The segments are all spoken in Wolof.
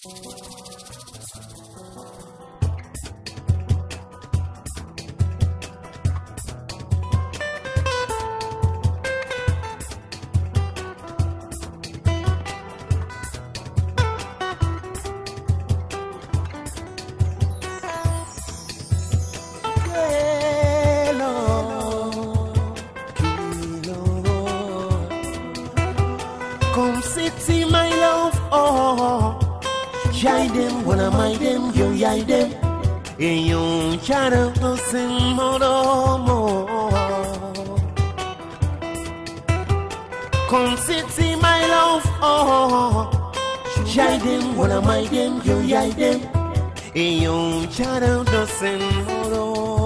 Thank you. them, wanna my them, yo yai them. In you chara no sin moromo. Come sit see my love, oh. Yai them, wanna my them, yo yai them. In you chara no sin moromo.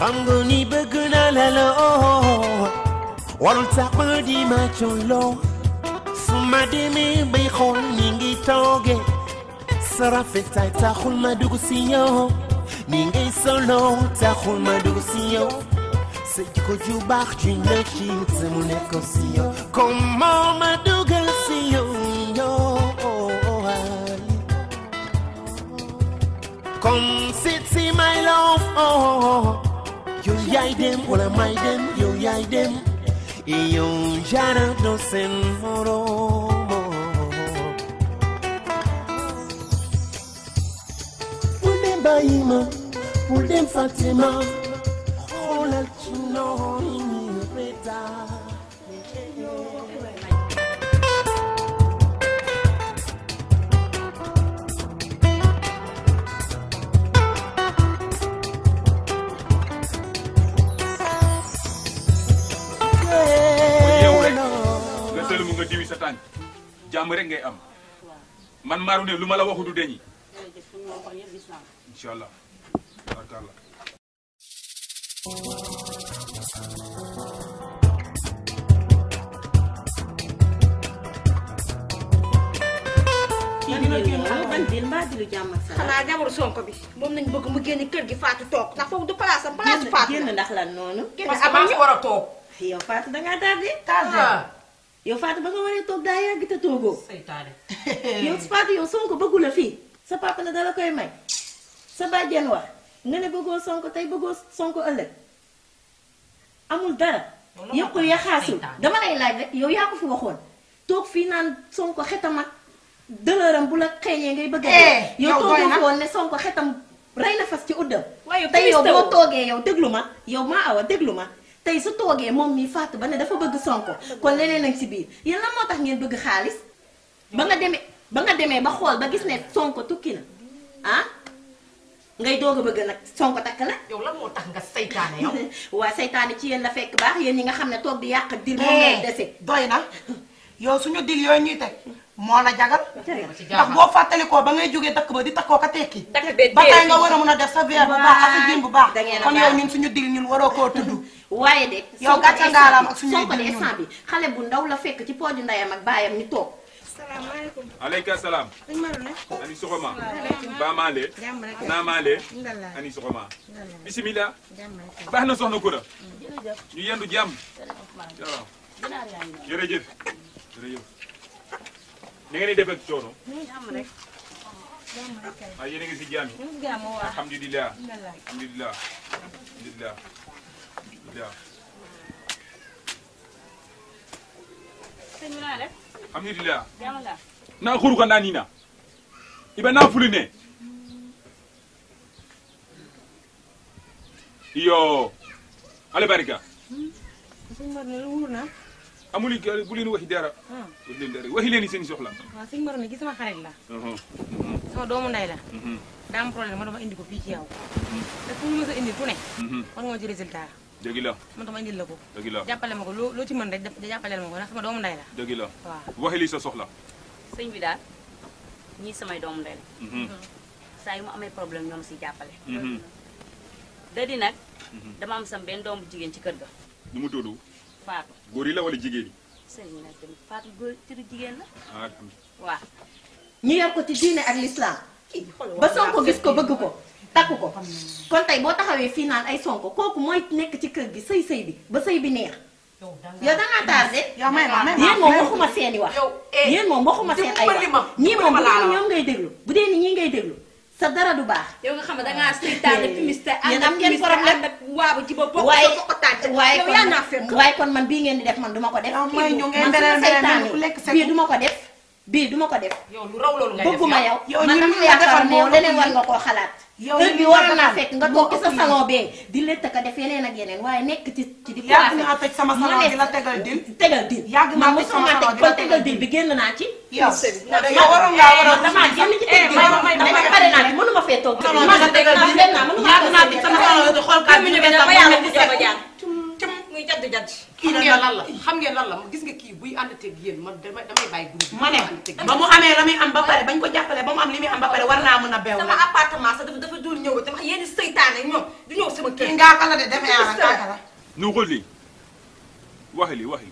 Kangoni beguna lalo oh. Walta kodi macholo Sumademe beikhol ningi toge Sarafe tai tahul madugu sinyo Ningi solo tahul madugu sinyo Sejiko jubak chine chitse muneko sinyo Komo madugu sinyo Come oh, oh, sit see my love, oh. Yo yai dem, wala mai dem, yo yai dem Yo jara dosen moromo Ulem Baima, Ulem Fatima jàmm rek ngay am man maru ne luma la waxu du deñi sonko bi nañ bëgg mu génn kër gi faatu toog ndax foofu du place am place faatu génn ndax lan noonu war a toog yow faatu yow Fatou ba nga waree toog daa yàgg te toogoo. seytaane yow Fatou yow Sonko bëggu fii sa papa na dala koy may sa bàjjen wax nga ne bëggoo Sonko tey bëggoo Sonko ëllëg amul dara. yëqul yaxaasul dama lay laaj rek yow yaa ko fi waxoon toog fii naan Sonko xetam ak dëlëram bu la xeeñee ngay bëgg a. yow toogoo fi woon ne Sonko xetam rey na fas ci uddam. waaye tey yow boo toogee yow déglu ma yow maa awa déglu ma. tay su toge mom mi fàttu ba ne dafa bëgg sonko kon leneen nag ci biir yeen la motax ngeen bëgg xaaliss ba nga démé ba nga démé ba xol ba gis ne sonko tukki na ah ngay doga bëgg nak sonko tak la. yow la motax nga saytaane yow. wa saytaane ci yeen la fekk baax yeen yi nga xam tok di yaq dir mo ngay eh, déssé doyna yow suñu dil yoy ñuy tek mo la jagal bo fatali ko ba ngay jógee tak ba di takko ka tekki ba tay nga wara mëna def sa verre bu ak bu baax kon yow ñun suñu dil ñun waro ko tuddu waye de. yow gàcce ngaalaam ak suñu ko de instant bi xalé bu ndaw la fekk ci pooju ndeyam ak bayam ni tok salaamaaleykum. aleykum ani soxoma. Ba jàmm Na naamaale. ani soxoma. Bismillah. Ba na soxna da. ñu yendu jàmm. waaw. jërëjëf. jërëjëf. na ngeen def ak rek. Ah, ngi waaw. sëñ bi naa def. naa xuru ka naa nii ne. iyo. ale barika. sëñ Mor ne na. amul bu leen waxi dara. Ah. dara waxi leen soxla. waaw sëñ Mor sama xarit la. Uh-huh. Uh-huh. sama doomu ndey la. Uh-huh. daa problème ma dama indi ko fii ci yow. te fu indi ku ne. war nga ci dëgg la man tam indil la ko dëgg la jàppale ma ko loo ci mën rek jàppale ma ko ndax sama doomu ndey la dëgg la waaw waxi lii sa soxla sëñ bi daal ñii samay doomu ndey la mhm. Mhm. saa yu ma amee problème ñoom si jàppale mhm. da di nag dama am sam benn doomu jigéen ci kër ga nu mu tudd Fatou góor yi la wala jigéen yi sëñ bi nag tamit Fatou góor turu jigéen la ah, waaw ñu yor ko ci diine ak l'islam ba soo ko gis ko bëgg ko takku ko kon tey boo taxawee fii naan ay sonko kooku mooy nekk ci kër gi sëy sëy bi ba sëy bi neex. yow dangaa tardé yow may ma may ma yéen moom waxuma seeni wax. Eh, yéen moom waxuma seen ay wax ñii moom bu dee ñoom ngay déglu bu dee ni ñii ngay déglu sa dara du baax. yow nga xam ne dangaa seytaane fumiste eh, ànd ak fumiste ànd ak waabu ci boppam. waaye waaye kon waaye kon man bii ngeen di def man duma ko def. mooy ñu ngay mbérel mbérel lekk sa bii duma ko def. bii duma ko def. yow lu raw loolu nga def bëgguma yow. yow man dama yaakaar ne yow leneen war nga koo xalaat yow li war na fekk nga toog ci sa salon bee di lett ka defee leen ak yeneen waaye nekk ci ci di. yàgg naa teg sama salon bi la tegal dil tegal dil. yàgg naa teg sama salon bi bi génn naa ci. yow waroon ngaa waroon damaa génn ci teg eh, ma ma ma pare naa ci mënuma fee bi ma tegal dil yàgg naa teg sama salon bi xool kàddu gi. muy jadd kii xam ngeen lan la xam ngeen lan la gis nga kii buy ànd teg yéen man damay damay bàyyi groupe ma ne ba mu amee ba bañ ko jàppale ba mu am li muy am ba pare war naa mën a beew sama appartement sax dafa dafa dul ñëw te wax yéen seytaane la de demee ala ngaaka nu ko lii wax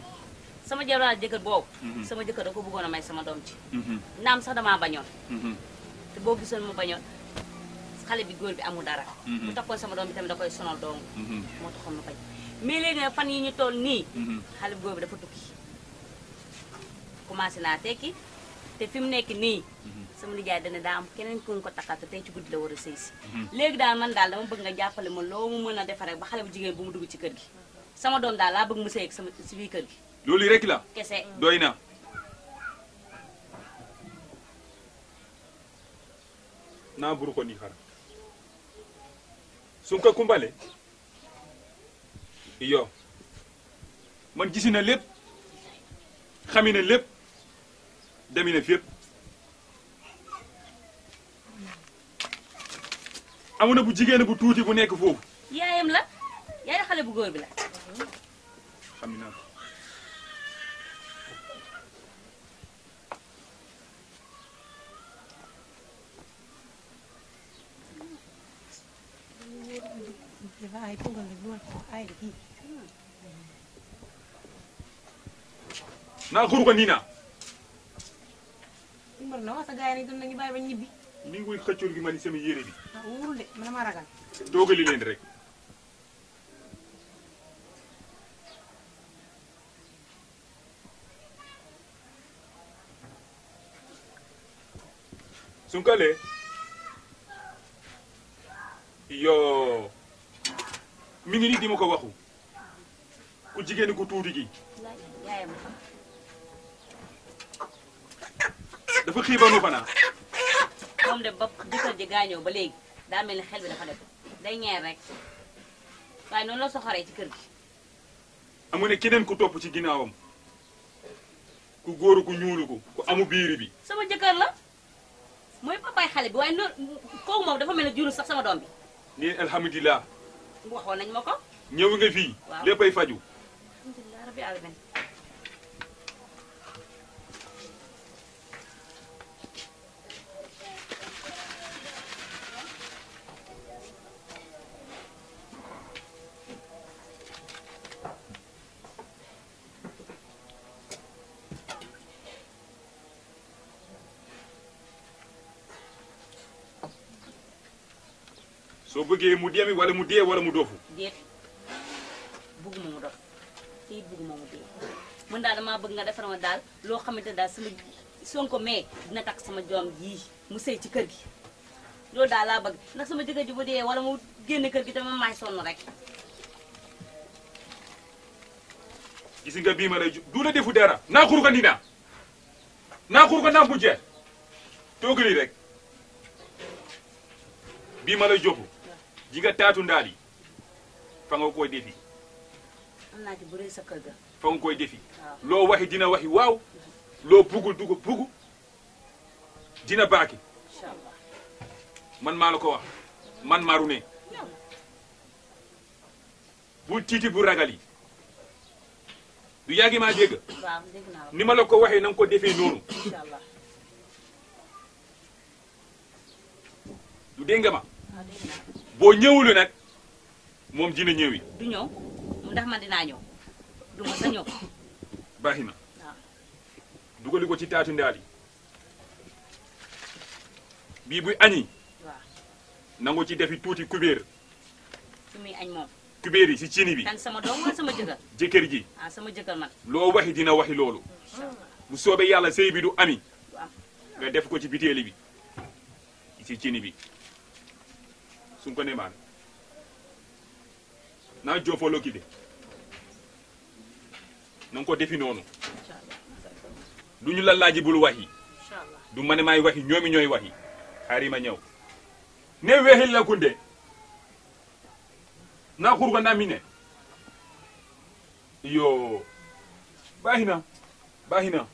sama jaraa jëkkër boobu mhm. sama jëkkër da ko bëggoon a may sama doom ci mhm. naam sa damaa bañoon mhm. te boo gisoon mu bañoon xale bi góor bi amul dara bu takkoon sama doom bi tamit da koy sonal dong moo taxoon ma bañ mais léegi nag fan yi ñu toll nii. Mhm. xale bu góor bi dafa tukki. commencé naa tekki te fi mu nekk nii. Mhm. sama nijaay dana daa am keneen ku ko takkal te tey ci guddi la war a sëy mhm. daal man daal dama bëgg nga jàppale ma loo mën a defaree ba xale bu jigéen bu mu dugg ci kër gi. sama doom daal laa bëgg mu sëy ak si biir kër gi. loolu rek la. kese doy na. naa buru ko nii xar su ko kumbale. yow man gisi na lépp xami na lépp demi na fépp amu na bu jigéen bu tuuti bu nekk foofu yaayam la yaay xale bu góor bi la xam naa Vai, pula, levanta, ai, ri. naakuru ko nii naa. Umar na wax sa gars yi nag dañu bàyyi ba ñibbi. mi ngi xëccool gi ma ni sama yére bi. ah Sunkale yoo mi ngi nii di ma ko waxu ku jigéen ku tuuti gi. dafa xiibanu fanaa moom de ba jëkkër ji gaañoo ba léegi daa mel ni xel bi dafa def day ci kër gi amu ne keneen ku topp ci ginnaawam ku góor ku ñuulu ko ku amu biiri bi sama jëkkër la mooy papaay xale bi waaye loolu moom dafa mel ne juru sax sama doom bi nee alhamdulilah waxoon nañ ma ko ñëw nga fii léppay faju alhamdulilah rabbi alamin so bëggee mu demi wala mu dee wala mu doofu déet bugguma mu dof tey bugguma mu dee mën daal damaa bëgg nga defar ma daal loo xamante daal sama sonko mais dina tax sama joom yii mu sëy ci kër gi loolu daal laa bëgg ndax sama jëkkër ji bu dee wala mu génn kër gi dama maay sonn rek gis nga bii ma lay ju du la defu dara naa xur ko nii naa naa xur ko naa mujjee toogali rek bii ma lay joxu jiga taatu ndaali fa nga koy defi. am naa ci bu rëy koy defi. loo waxi dina waxi waaw. loo bugul dugu bugu dina baaki. man maa la ko wax man maaru ne bu tiiti bu ragal yi du yàgg maa dégg ni ma la ko waxee na nga ko defee noonu du dégg boo ñëwulu nag moom dina ñëwi. du ñëw ndax man dinaa ñëw du ma sa ñëw. baaxi na dugali ko ci taatu ndaal yi bii buy añi. nangu ci defi tuuti kubéer. su muy añ moom. kubéer yi si cini bi. kan sama doom wala sama jëkkër. jëkkër ji. Ah, sama jëkkër man. loo waxi dina waxi loolu. bu soobee yàlla sëy bi du ami. nga def ko ci bitéeli bi si cini bi. sunko man na jofolo kide nan ko defi du ñu la laaji bul waxi du ma ne maay waxi ñoomi ñooy waxi xaari ma ñëw ne weexil la kunde na xurgo na mine yo baaxi na baaxi na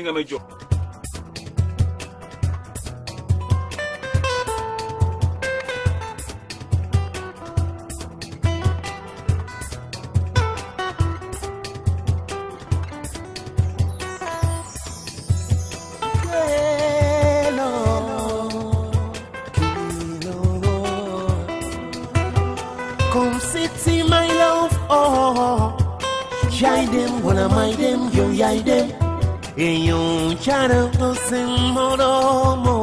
nga may jox chai dem, wanna mind dem, yo yai dem. E yo chara do sen moro mo.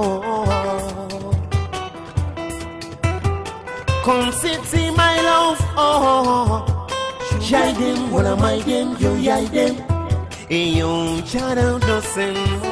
Come sit see my love, oh. Chai dem, wanna mind dem, yo yai dem. E yo chara do sen moro.